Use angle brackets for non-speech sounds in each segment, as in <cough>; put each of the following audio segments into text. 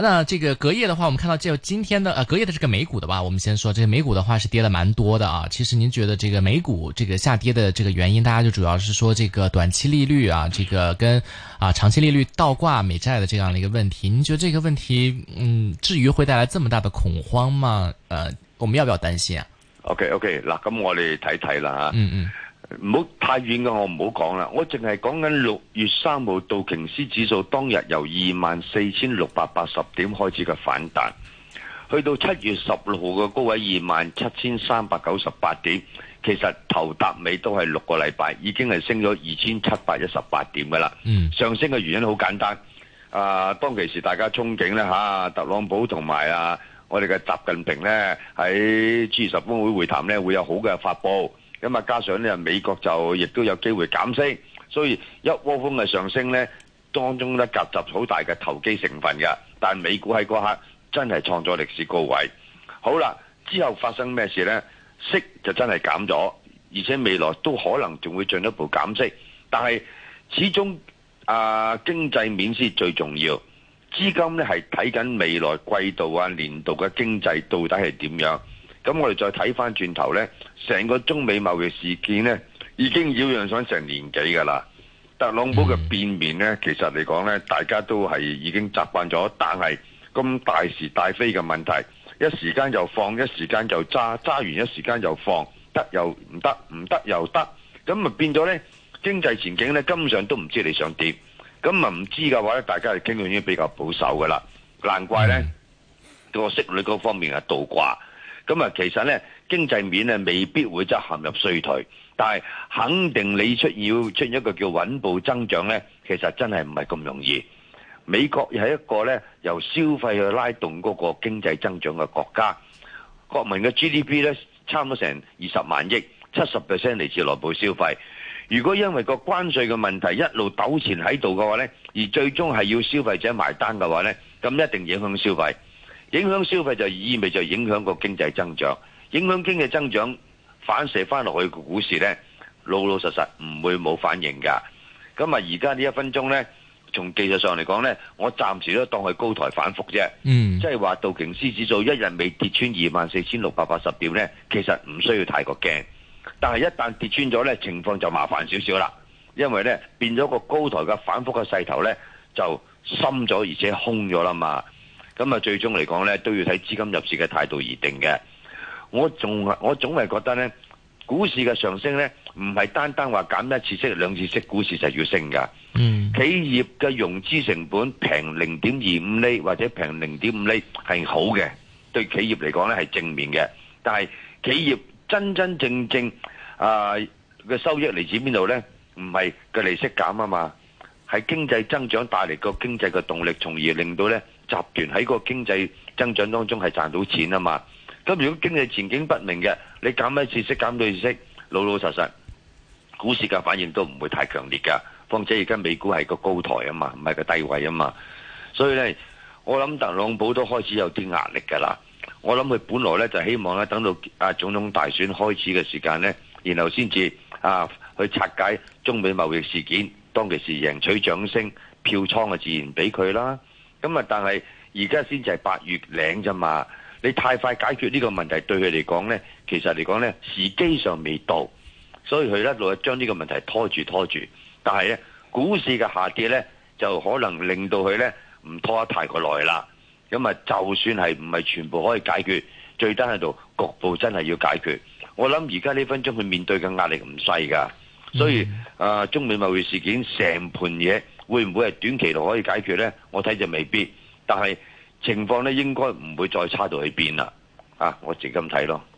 那這個隔夜的話，我們看到這今天的呃、啊、隔夜的這個美股的吧，我們先說這個美股的話是跌了蠻多的啊。其實您覺得這個美股這個下跌的這個原因，大家就主要是說這個短期利率啊，這個跟啊長期利率倒掛美債的這樣的一個問題。您覺得這個問題，嗯，至於會帶來這麼大的恐慌嗎？呃，我們要不要擔心啊？OK OK，嗱，咁我哋睇睇啦，嗯嗯。唔好太遠㗎，我唔好講啦。我淨係講緊六月三號道瓊斯指數當日由二萬四千六百八十點開始嘅反彈，去到七月十六號嘅高位二萬七千三百九十八點。其實頭搭尾都係六個禮拜，已經係升咗二千七百一十八點噶啦。嗯、上升嘅原因好簡單，啊，當其時大家憧憬呢，吓、啊，特朗普同埋啊，我哋嘅習近平呢，喺 G 二十峰會會談呢，會有好嘅發布。咁啊，加上呢，美國就亦都有機會減息，所以一窩蜂嘅上升呢，當中咧夾雜好大嘅投機成分嘅。但係美股喺嗰刻真係創造歷史高位。好啦，之後發生咩事呢？息就真係減咗，而且未來都可能仲會進一步減息。但係始終啊，經濟面先最重要。資金咧係睇緊未來季度啊、年度嘅經濟到底係點樣。咁我哋再睇返轉頭呢。成個中美貿易事件呢，已經擾攘上成年幾噶啦。特朗普嘅變面呢，其實嚟講呢，大家都係已經習慣咗。但係咁大是大非嘅問題，一時間又放，一時間又揸，揸完一時間又放，得又唔得，唔得又得，咁啊變咗呢經濟前景呢，根本上都唔知你想點。咁啊唔知嘅話呢，大家係傾到已經比較保守噶啦。難怪呢個息率嗰方面係倒掛。咁啊，其實呢。經濟面呢未必會即係陷入衰退，但係肯定你出要出一個叫穩步增長呢，其實真係唔係咁容易。美國又係一個呢由消費去拉動嗰個經濟增長嘅國家，國民嘅 GDP 呢差唔多成二十萬億，七十 percent 嚟自內部消費。如果因為個關稅嘅問題一路糾纏喺度嘅話呢，而最終係要消費者埋單嘅話呢，咁一定影響消費，影響消費就意味著影響個經濟增長。影響經濟增長，反射翻落去股市咧，老老實實唔會冇反應噶咁啊，而家呢一分鐘咧，從技術上嚟講咧，我暫時都當佢高台反覆啫。嗯，即係話道瓊斯指數一日未跌穿二萬四千六百八十點咧，其實唔需要太過驚。但係一旦跌穿咗咧，情況就麻煩少少啦。因為咧，變咗個高台嘅反覆嘅勢頭咧，就深咗而且空咗啦嘛。咁啊，最終嚟講咧，都要睇資金入市嘅態度而定嘅。我仲我總係覺得呢，股市嘅上升呢，唔係單單話減一次息、兩次息，股市就要升㗎。企業嘅融資成本平零點二五厘或者平零點五厘係好嘅，對企業嚟講呢係正面嘅。但係企業真真正正啊嘅收益嚟自邊度呢？唔係個利息減啊嘛，係經濟增長帶嚟個經濟嘅動力，從而令到呢集團喺個經濟增長當中係賺到錢啊嘛。咁如果經濟前景不明嘅，你減一次息、減兩次息，老老實實，股市嘅反應都唔會太強烈噶。況且而家美股係個高台啊嘛，唔係個低位啊嘛，所以咧，我諗特朗普都開始有啲壓力噶啦。我諗佢本來咧就希望咧等到啊總統大選開始嘅時間咧，然後先至啊去拆解中美貿易事件，當其時贏取掌聲，票倉啊自然俾佢啦。咁啊，但係而家先至係八月零啫嘛。你太快解決呢個問題對佢嚟講呢，其實嚟講呢，時機上未到，所以佢一路將呢個問題拖住拖住。但係呢股市嘅下跌呢，就可能令到佢呢唔拖得太過耐啦。咁啊，就算係唔係全部可以解決，最低限度局部真係要解決。我諗而家呢分鐘佢面對嘅壓力唔細㗎，所以啊、嗯呃，中美貿易事件成盤嘢會唔會係短期內可以解決呢？我睇就未必，但係。情況咧應該唔會再差到去邊啦，啊，我直咁睇咯。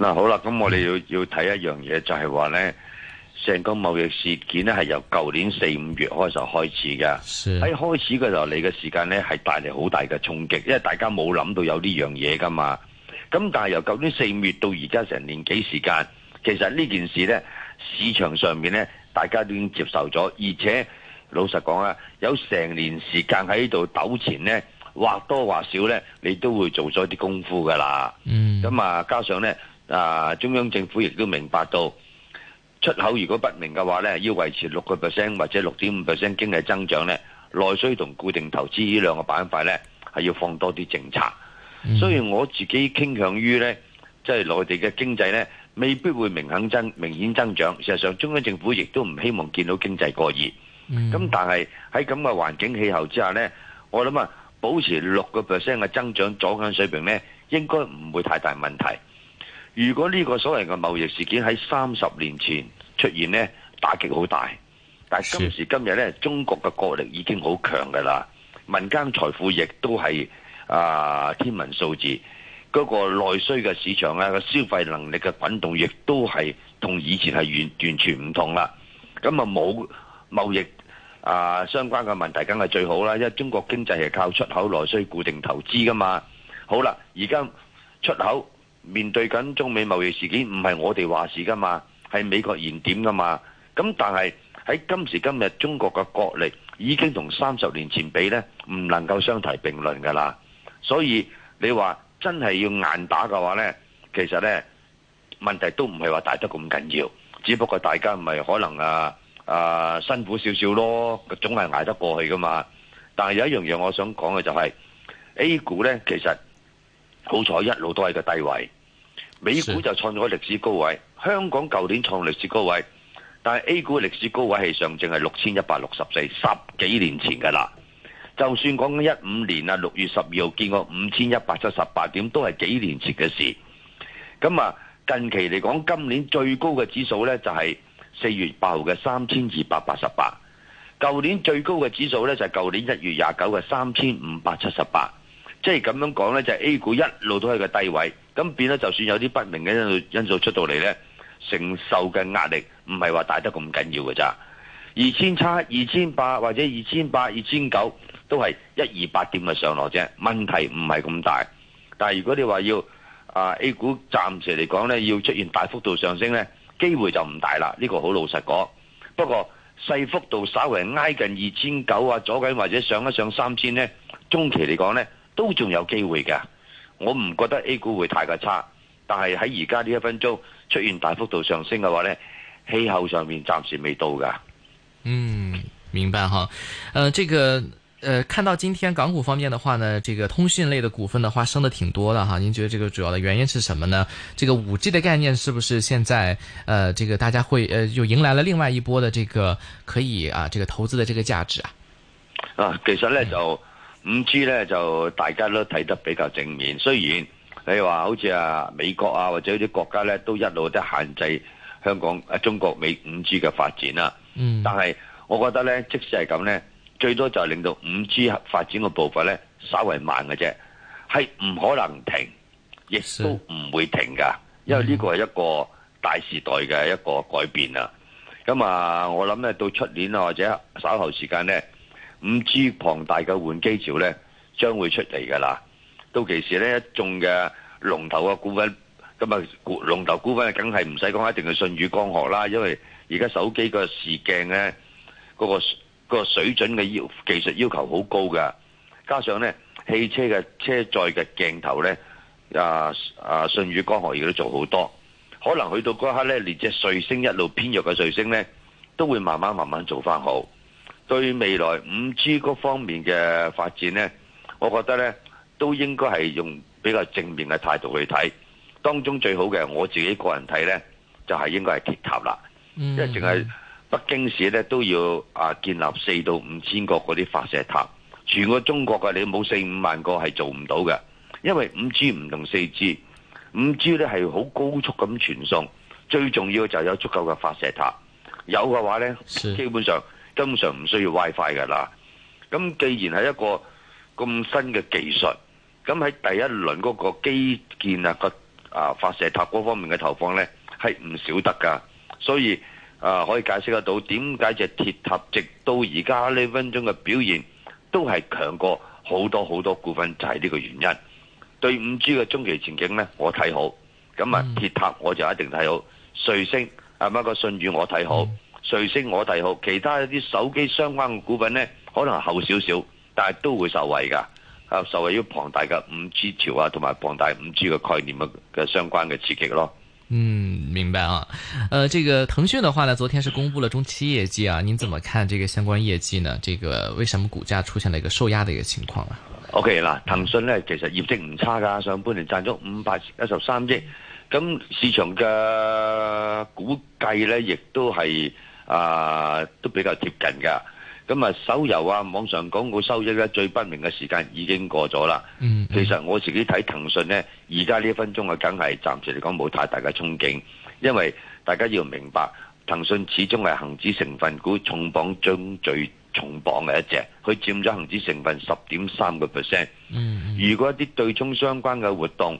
嗱，好啦，咁我哋要要睇一樣嘢，就係話呢，成個貿易事件呢係由舊年四五月開始的開始嘅。喺開始嘅時候你嘅時間呢係帶嚟好大嘅衝擊，因為大家冇諗到有呢樣嘢噶嘛。咁但係由舊年四五月到而家成年幾時間，其實呢件事呢，市場上面呢，大家都已經接受咗，而且老實講啦，有成年時間喺度糾纏呢，或多，多或少呢，你都會做咗啲功夫噶啦。咁啊、嗯，加上呢。啊！中央政府亦都明白到出口如果不明嘅話咧，要維持六個 percent 或者六點五 percent 經濟增長咧，內需同固定投資呢兩個板塊咧，係要放多啲政策。雖然我自己傾向於咧，即係內地嘅經濟咧未必會明顯增明顯增長。事實上，中央政府亦都唔希望見到經濟過熱。咁但係喺咁嘅環境氣候之下咧，我諗啊，保持六個 percent 嘅增長左眼水平咧，應該唔會太大問題。如果呢個所謂嘅貿易事件喺三十年前出現呢，打擊好大。但係今時今日呢，中國嘅國力已經好強噶啦，民間財富亦都係啊天文數字，嗰個內需嘅市場啊，個消費能力嘅滾動亦都係同以前係完完全唔同啦。咁啊冇貿易啊相關嘅問題梗係最好啦，因為中國經濟係靠出口、內需、固定投資噶嘛。好啦，而家出口。面對緊中美貿易事件，唔係我哋話事噶嘛，係美國燃點噶嘛。咁但係喺今時今日，中國嘅國力已經同三十年前比咧,唔能夠相提並論噶啦。所以你話真係要硬打嘅話咧，其實咧問題都唔係話大得咁緊要，只不過大家咪可能啊啊辛苦少少咯，個總係捱得過去噶嘛。但係有一樣嘢我想講嘅就係，A 股咧，其實。好彩一路都喺個低位，美股就創咗歷史高位，香港舊年創歷史高位，但係 A 股歷史高位係上證係六千一百六十四，十幾年前噶啦。就算講緊一五年啊六月十二號見過五千一百七十八點，都係幾年前嘅事。咁啊，近期嚟講，今年最高嘅指數呢，就係四月八號嘅三千二百八十八，舊年最高嘅指數呢，就係舊年一月廿九嘅三千五百七十八。即係咁樣講呢，就係 A 股一路都喺個低位，咁變咗就算有啲不明嘅因素出到嚟呢，承受嘅壓力唔係話大得咁緊要嘅咋。二千七、二千八或者二千八、二千九都係一二百點嘅上落啫，問題唔係咁大。但係如果你話要啊 A 股暫時嚟講呢，要出現大幅度上升呢，機會就唔大啦。呢個好老實講。不過細幅度稍微挨近二千九啊，阻緊或者上一上三千呢，中期嚟講呢。都仲有機會㗎，我唔覺得 A 股會太過差，但係喺而家呢一分鐘出現大幅度上升嘅話呢，氣候上面暫時未到噶。嗯，明白哈。呃，這個，呃，看到今天港股方面的話呢，這個通訊類的股份的話升得挺多的哈。您覺得這個主要的原因是什麼呢？這個五 G 的概念是不是現在，呃，這個大家會，呃，又迎來了另外一波的這個可以啊，這個投資的這個價值啊？啊，其實咧就。嗯五 G 咧就大家都睇得比較正面，雖然你話好似啊美國啊或者啲國家咧都一路都限制香港啊中國美五 G 嘅發展啦，嗯，但係我覺得咧，即使係咁咧，最多就係令到五 G 發展嘅步伐咧稍為慢嘅啫，係唔可能停，亦都唔會停噶，是因為呢個係一個大時代嘅一個改變啊。咁啊，嗯，我諗咧到出年啊或者稍後時間咧。五 G 龐大嘅換機潮咧，將會出嚟噶啦。到其時咧，一眾嘅龍頭嘅股份，今日龍頭股份啊，梗係唔使講，一定係舜宇光學啦。因為而家手機個視鏡咧，嗰個嗰個水準嘅要技術要求好高噶。加上咧，汽車嘅車載嘅鏡頭咧，啊啊，舜宇光學亦都做好多。可能去到嗰一刻咧，連隻瑞聲一路偏弱嘅瑞聲咧，都會慢慢慢慢做翻好。對未來五 G 嗰方面嘅發展呢，我覺得呢都應該係用比較正面嘅態度去睇。當中最好嘅，我自己個人睇呢，就係應該係鐵塔啦，因為淨係北京市呢都要啊建立四到五千個嗰啲發射塔，全個中國嘅你冇四五萬個係做唔到嘅，因為五 G 唔同四 G，五 G 呢係好高速咁傳送，最重要就係有足夠嘅發射塔，有嘅話呢基本上。根本上唔需要 WiFi 噶啦。咁既然係一個咁新嘅技術，咁喺第一輪嗰個基建啊、嗰個啊發射塔嗰方面嘅投放咧，係唔少得噶，所以啊、呃、可以解釋得到點解隻鐵塔直到而家呢分鐘嘅表現都係強過好多好多股份，就係、是、呢個原因。對五 G 嘅中期前景咧，我睇好。咁啊，鐵塔我就一定睇好，瑞聲啊乜個信譽我睇好。嗯嗯瑞聲我睇好，其他一啲手機相關嘅股份呢，可能後少少，但係都會受惠噶，啊，受惠於龐大嘅五 G 潮啊，同埋龐大五 G 嘅概念嘅嘅相關嘅刺激咯。嗯，明白啊。誒、呃，這個騰訊的話呢，昨天是公布了中期業績啊，您怎麼看這個相關業績呢？這個為什麼股價出現了一個受壓的一個情況啊？OK 啦，騰訊呢其實業績唔差噶，上半年賺咗五百一十三億，咁市場嘅估計呢亦都係。啊，都比較貼近㗎。咁啊，手遊啊，網上廣告收益咧、啊，最不明嘅時間已經過咗啦。Mm hmm. 其實我自己睇騰訊呢，而家呢一分鐘啊，梗係暫時嚟講冇太大嘅憧憬，因為大家要明白騰訊始終係恒指成分股重磅中最重磅嘅一隻，佢佔咗恒指成分十點三個 percent。Mm hmm. 如果一啲對沖相關嘅活動、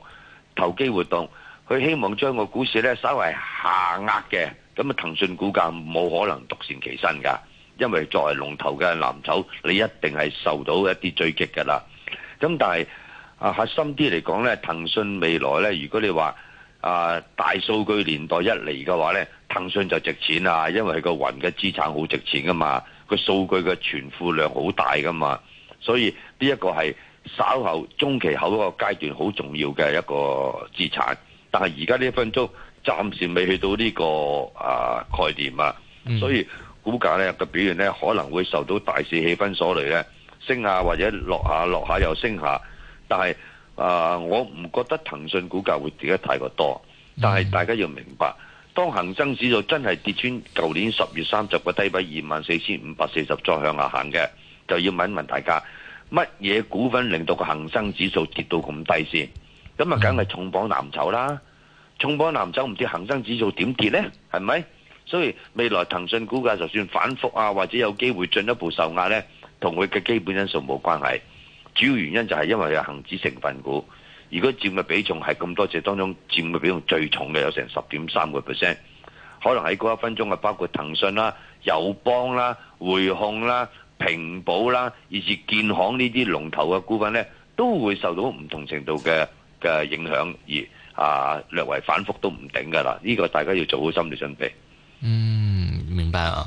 投機活動，佢希望將個股市咧稍微下壓嘅。咁啊，騰訊股價冇可能獨善其身噶，因為作為龍頭嘅藍籌，你一定係受到一啲追擊噶啦。咁但係啊，核心啲嚟講呢，騰訊未來呢，如果你話啊，大數據年代一嚟嘅話呢，騰訊就值錢啊，因為佢個雲嘅資產好值錢噶嘛，個數據嘅存庫量好大噶嘛，所以呢一個係稍後中期後一個階段好重要嘅一個資產。但係而家呢一分鐘。暫時未去到呢個啊概念啊，嗯、所以股價呢個表現呢，可能會受到大市氣氛所累呢，升下或者落下落下，下，下又升下。但係啊、呃，我唔覺得騰訊股價會跌得太過多。但係大家要明白，當恒生指數真係跌穿舊年十月三十個低位二萬四千五百四十再向下行嘅，就要問問大家乜嘢股份令到個恒生指數跌到咁低先？咁啊，梗係重磅藍籌啦。重磅藍籌唔知恆生指數點跌呢，係咪？所以未來騰訊股價就算反覆啊，或者有機會進一步受壓呢，同佢嘅基本因素冇關係。主要原因就係因為有恆指成分股，如果佔嘅比重係咁多隻當中佔嘅比重最重嘅有成十點三個 percent，可能喺嗰一分鐘啊，包括騰訊啦、友邦啦、匯控啦、平保啦，以至建行呢啲龍頭嘅股份呢，都會受到唔同程度嘅嘅影響而。啊，略為反覆都唔頂㗎喇，呢個大家要做好心理準備。嗯，明白啊。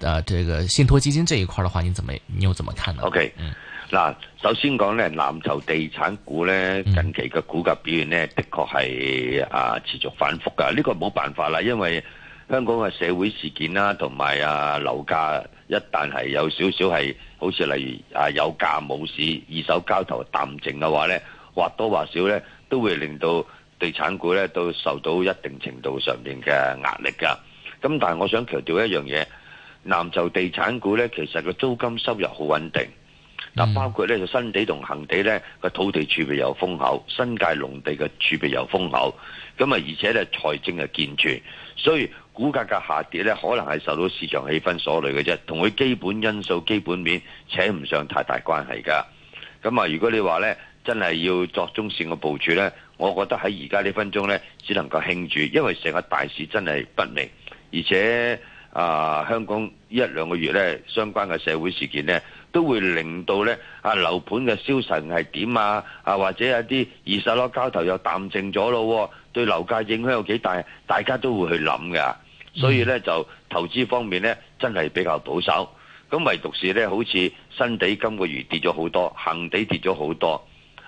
誒，這個信託基金這一塊的話，你怎麼你又怎麼看呢？OK，嗱，首先講呢藍籌地產股咧，近期嘅股價表現呢，的確係啊持續反覆噶。呢個冇辦法啦，因為香港嘅社會事件啦，同埋啊樓價一旦係有少少係，好似例如啊有價冇市，二手交投淡靜嘅話呢，或多或少呢，都會令到地產股呢都受到一定程度上面嘅壓力噶。咁但係我想強調一樣嘢。南就地產股咧，其實個租金收入好穩定。嗱，包括咧就新地同恒地咧，個土地儲備又豐厚，新界農地嘅儲備又豐厚。咁啊，而且咧財政又健全，所以股價嘅下跌咧，可能係受到市場氣氛所累嘅啫，同佢基本因素、基本面扯唔上太大關係噶。咁啊，如果你話咧，真係要作中線嘅部署咧，我覺得喺而家呢分鐘咧，只能夠慶住，因為成個大市真係不明，而且。啊！香港一兩個月呢，相關嘅社會事件呢，都會令到呢啊樓盤嘅銷售係點啊啊，或者有啲二手樓交投又淡靜咗咯，對樓價影響有幾大，大家都會去諗㗎。所以呢，就投資方面呢，真係比較保守。咁唯獨是呢，好似新地今個月跌咗好多，恒地跌咗好多，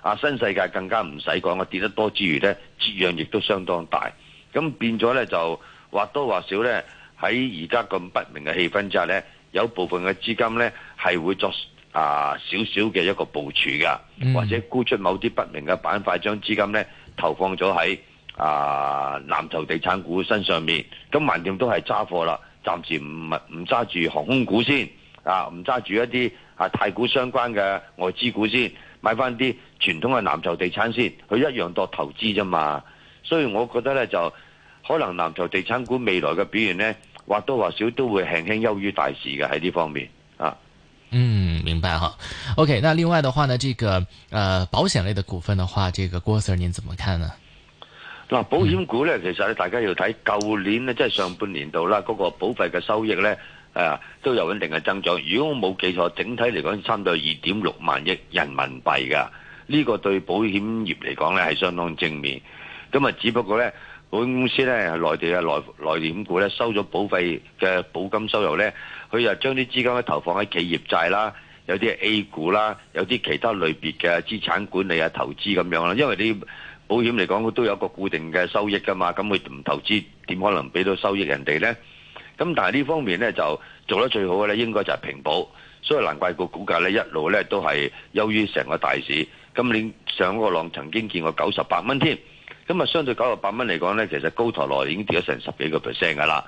啊新世界更加唔使講，跌得多之餘呢，折讓亦都相當大。咁變咗呢，就或多或少呢。喺而家咁不明嘅氣氛之下呢，有部分嘅資金呢，係會作啊少少嘅一個部署噶，或者沽出某啲不明嘅板塊，將資金呢，投放咗喺啊藍籌地產股身上面。咁橫掂都係揸貨啦，暫時唔唔揸住航空股先，啊唔揸住一啲啊太古相關嘅外資股先，買翻啲傳統嘅藍籌地產先，佢一樣多投資啫嘛。所以我覺得呢就可能藍籌地產股未來嘅表現呢。或多或少都會輕輕優於大市嘅喺呢方面啊，嗯，明白哈。OK，那另外的話呢，這個，呃，保險類的股份的話，這個郭 Sir 您怎麼看呢？嗱，保險股呢，其實大家要睇舊、嗯、年呢，即係上半年度啦，嗰、那個保費嘅收益呢，誒、啊，都有穩定嘅增長。如果我冇記錯，整體嚟講，差唔多二點六萬億人民幣噶，呢、這個對保險業嚟講呢，係相當正面。咁啊，只不過呢。保險公司咧，內地嘅來來年股咧收咗保費嘅保金收入咧，佢又將啲資金咧投放喺企業債啦，有啲 A 股啦，有啲其他類別嘅資產管理啊、投資咁樣啦。因為啲保險嚟講，佢都有個固定嘅收益噶嘛，咁佢唔投資點可能俾到收益人哋咧？咁但係呢方面咧就做得最好嘅咧，應該就係平保，所以難怪個股價咧一路咧都係優於成個大市。今年上個浪曾經見過九十八蚊添。咁啊，相對九十八蚊嚟講咧，其實高台內已經跌咗成十幾個 percent 噶啦。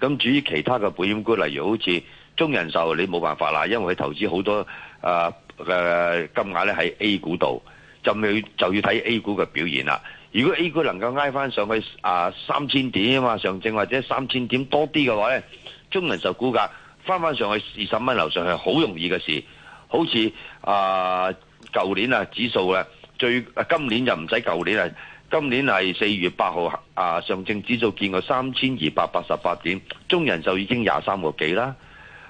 咁至於其他嘅保險股，例如好似中人壽，你冇辦法啦，因為佢投資好多誒、呃呃、金額咧喺 A 股度，就咪就要睇 A 股嘅表現啦。如果 A 股能夠挨翻上去啊三千點啊嘛，上證或者三千點多啲嘅話咧，中人壽股價翻翻上去二十蚊樓上係好容易嘅事。好似啊舊年啊指數咧，最今年就唔使舊年啊。今年係四月八號，啊，上證指數見過三千二百八十八點，中人壽已經廿三個幾啦。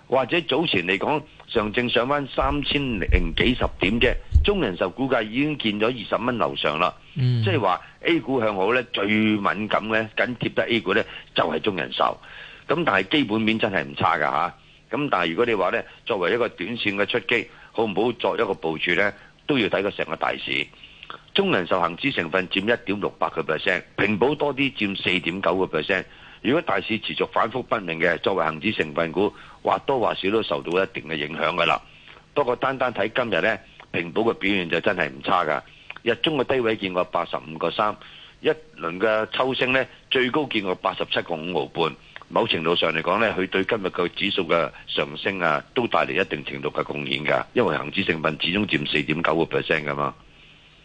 或者早前嚟講，上證上翻三千零幾十點嘅，中人壽估計已經見咗二十蚊樓上啦。Mm. 即係話 A 股向好咧，最敏感咧，緊貼得 A 股咧，就係中人壽。咁但係基本面真係唔差噶吓。咁但係如果你話咧，作為一個短線嘅出擊，好唔好作一個部署咧，都要睇個成個大市。中人壽恒指成分佔一點六八個 percent，平保多啲佔四點九個 percent。如果大市持續反覆不明嘅，作為恒指成分股，或多或少都受到一定嘅影響噶啦。不過單單睇今日呢，平保嘅表現就真係唔差噶。日中嘅低位見過八十五個三，一輪嘅抽升呢，最高見過八十七個五毫半。某程度上嚟講呢，佢對今日嘅指數嘅上升啊，都帶嚟一定程度嘅貢獻噶。因為恒指成分始終佔四點九個 percent 噶嘛。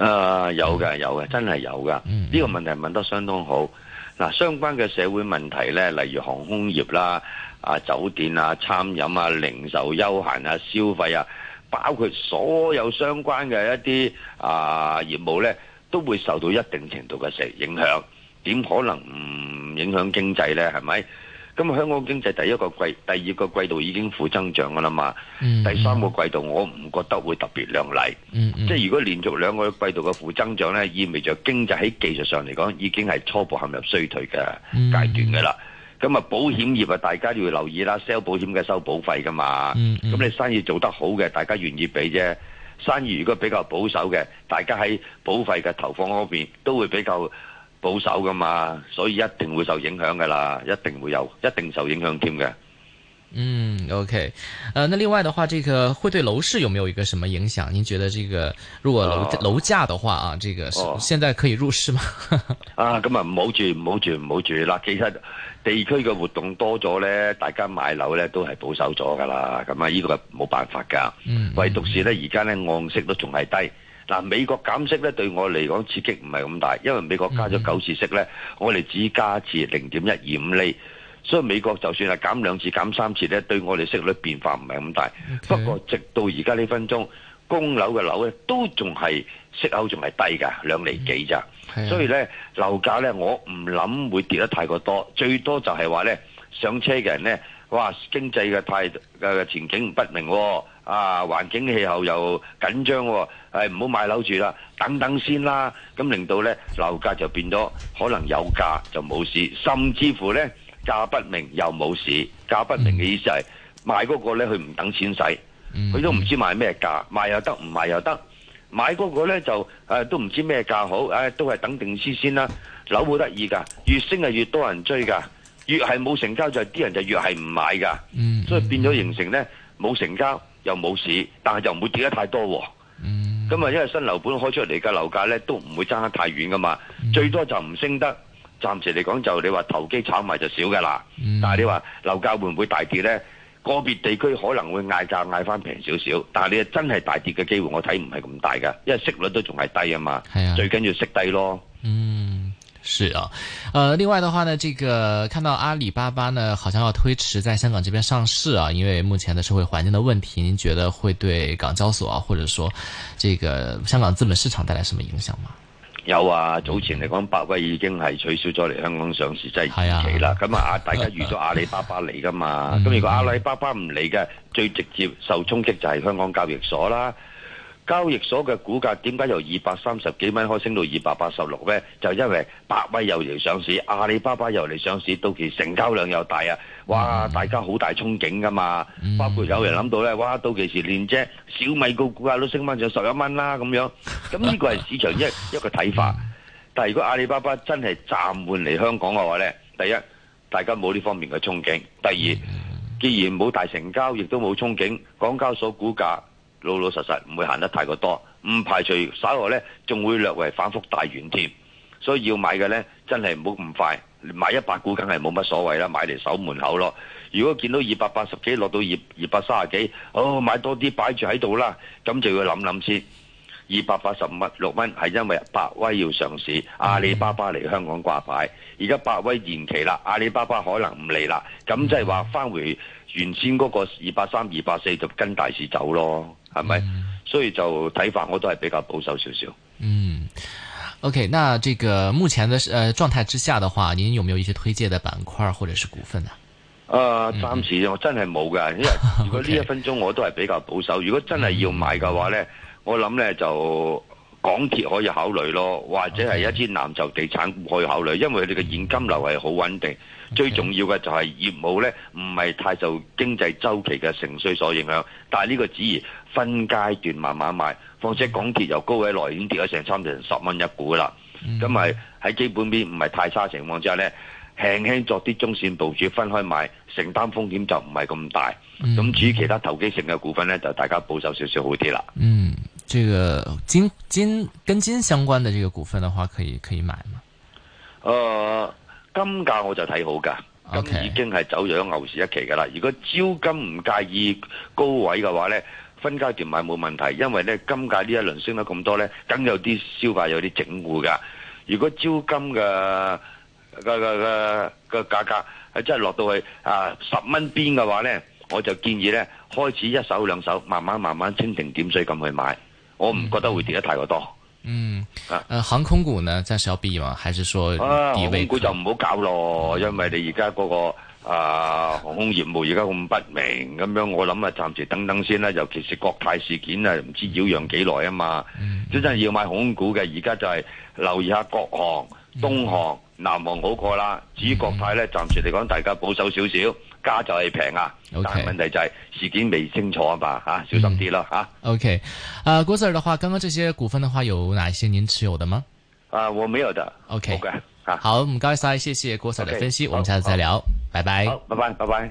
誒有嘅有嘅，真係有噶。呢個問題問得相當好。嗱，相關嘅社會問題咧，例如航空業啦、啊酒店啊、餐飲啊、零售、休閒啊、消費啊，包括所有相關嘅一啲啊業務咧，都會受到一定程度嘅受影響。點可能唔影響經濟咧？係咪？咁香港經濟第一個季、第二個季度已經負增長㗎喇嘛，第三個季度我唔覺得會特別亮麗。即係如果連續兩個季度嘅負增長咧，意味著經濟喺技術上嚟講已經係初步陷入衰退嘅階段㗎喇。咁啊，保險業啊，大家要留意啦，sell 保險嘅收保費㗎嘛。咁你生意做得好嘅，大家願意俾啫；生意如果比較保守嘅，大家喺保費嘅投放嗰邊都會比較。保守噶嘛，所以一定會受影響噶啦，一定會有，一定受影響添嘅。嗯，OK，誒、呃，那另外嘅話，這個會對樓市有冇一個什麼影響？您覺得這個如果樓、哦、樓價的話啊，這個現在可以入市嗎？哦、 <laughs> 啊，咁啊唔好住唔好住唔好住，住啦！其實地區嘅活動多咗呢，大家買樓呢都係保守咗噶啦。咁啊，呢個係冇辦法噶，嗯、唯獨是呢，而家呢，按息都仲係低。嗱，美國減息咧對我嚟講刺激唔係咁大，因為美國加咗九次息咧，我哋只加咗零點一二五厘，所以美國就算係減兩次、減三次咧，對我哋息率變化唔係咁大。不過直到而家呢分鐘，供樓嘅樓咧都仲係息口仲係低㗎，兩厘幾咋，所以咧樓價咧我唔諗會跌得太過多，最多就係話咧上車嘅人咧，哇經濟嘅態嘅前景不明喎，啊環境氣候又緊張喎。係唔好買樓住啦，等等先啦，咁令到呢樓價就變咗可能有價就冇市，甚至乎呢價不明又冇市。價不明嘅意思係，嗯、賣嗰個呢，佢唔等錢使，佢，嗯、都唔知賣咩價，賣又得，唔賣又得。買嗰個呢，就誒，啊、都唔知咩價好，誒，啊、都係等定先先啦。樓好得意噶，越升係越多人追噶，越係冇成交就啲人就越係唔買噶，嗯、所以變咗形成呢，冇成交又冇市，但係就唔會跌得太多，啊。嗯咁啊，因為新樓盤開出嚟嘅樓價咧，都唔會爭得太遠噶嘛，嗯、最多就唔升得。暫時嚟講，就你話投機炒賣就少㗎啦。嗯、但係你話樓價會唔會大跌咧？個別地區可能會嗌價嗌翻平少少，但係你真係大跌嘅機會，我睇唔係咁大噶，因為息率都仲係低啊嘛。係啊，最緊要息低咯。嗯。是啊，呃，另外的話呢，這個看到阿里巴巴呢，好像要推遲在香港這邊上市啊，因為目前的社會環境的問題，您覺得會對港交所啊，或者說，這個香港資本市場帶來什麼影響嗎？有啊，早前嚟講，百威已經係取消咗嚟香港上市，即係延期啦。咁啊，大家預咗阿里巴巴嚟噶嘛，咁、嗯、如果阿里巴巴唔嚟嘅，最直接受衝擊就係香港交易所啦。交易所嘅股價點解由二百三十幾蚊可以升到二百八十六呢？就是、因為百威又嚟上市，阿里巴巴又嚟上市，到期成交量又大啊！哇，大家好大憧憬噶嘛！包括有人諗到呢，哇，到期時連隻小米個股價都升翻上十一蚊啦咁樣。咁呢個係市場一一個睇法。但係如果阿里巴巴真係暫緩嚟香港嘅話呢，第一大家冇呢方面嘅憧憬；第二，既然冇大成交，亦都冇憧憬，港交所股價老老實實唔會行得太過多，唔排除稍後呢仲會略為反覆大遠添，所以要買嘅呢，真係唔好咁快，買一百股梗係冇乜所謂啦，買嚟守門口咯。如果見到二百八十幾落到二二百三十幾，哦買多啲擺住喺度啦，咁就要諗諗先。二百八十五蚊六蚊係因為百威要上市，阿里巴巴嚟香港掛牌，而家百威延期啦，阿里巴巴可能唔嚟啦，咁即係話返回原先嗰個二百三二百四就跟大市走咯。係咪？所以就睇法我都係比較保守少少、嗯。嗯，OK，那這個目前的狀態、呃、之下的話，您有沒有一些推薦的板塊或者是股份呢、啊？誒、呃，暫時我真係冇噶，嗯、因為如果呢一分鐘我都係比較保守。 <laughs> okay, 如果真係要買嘅話呢，嗯、我諗呢就。港鐵可以考慮咯，或者係一啲藍籌地產可以考慮，因為佢哋嘅現金流係好穩定。Okay. 最重要嘅就係業務咧唔係太受經濟周期嘅盛衰所影響。但係呢個只宜分階段慢慢買，況且港鐵由高位來已經跌咗成三成十蚊一股啦。咁咪喺基本面唔係太差情況之下咧，輕輕作啲中線部署，分開買，承擔風險就唔係咁大。咁、mm. 至於其他投機性嘅股份咧，就大家保守少少好啲啦。嗯。Mm. 這個金金跟金相關的這個股份的話，可以可以買嗎？誒，金價我就睇好噶已經係走入咗牛市一期噶啦。如果招金唔介意高位嘅話咧，分階段買冇問題，因為咧金價呢一輪升得咁多咧，梗有啲消化，有啲整固噶。如果招金嘅嘅嘅嘅價格喺真係落到去啊十蚊邊嘅話咧，我就建議咧開始一手兩手，慢慢慢慢蜻蜓點水咁去買。我唔覺得會跌得太過多。嗯啊，誒航空股呢？暫時要避嘛？還是說？啊，航空股就唔好搞咯，因為你而家嗰個啊航空業務而家咁不明咁樣，我諗啊暫時等等先啦。尤其是國泰事件啊，唔知擾攘幾耐啊嘛。真係要買航空股嘅，而家就係留意下國航、東航。南航好過啦，至於國泰咧，暫時嚟講，大家保守少少，價就係平啊，Okay. 但係問題就係、是、事件未清楚嘛啊嘛嚇，小心啲啦啊。OK，啊、呃、郭 Sir 的話，剛剛這些股份的話，有哪些您持有的嗎啊？我沒有的。OK，唔該晒 Okay. 好，我們高 s 謝 r 謝謝郭 Sir 的分析，Okay. 我們下次再聊，好拜拜。好，拜拜，拜拜。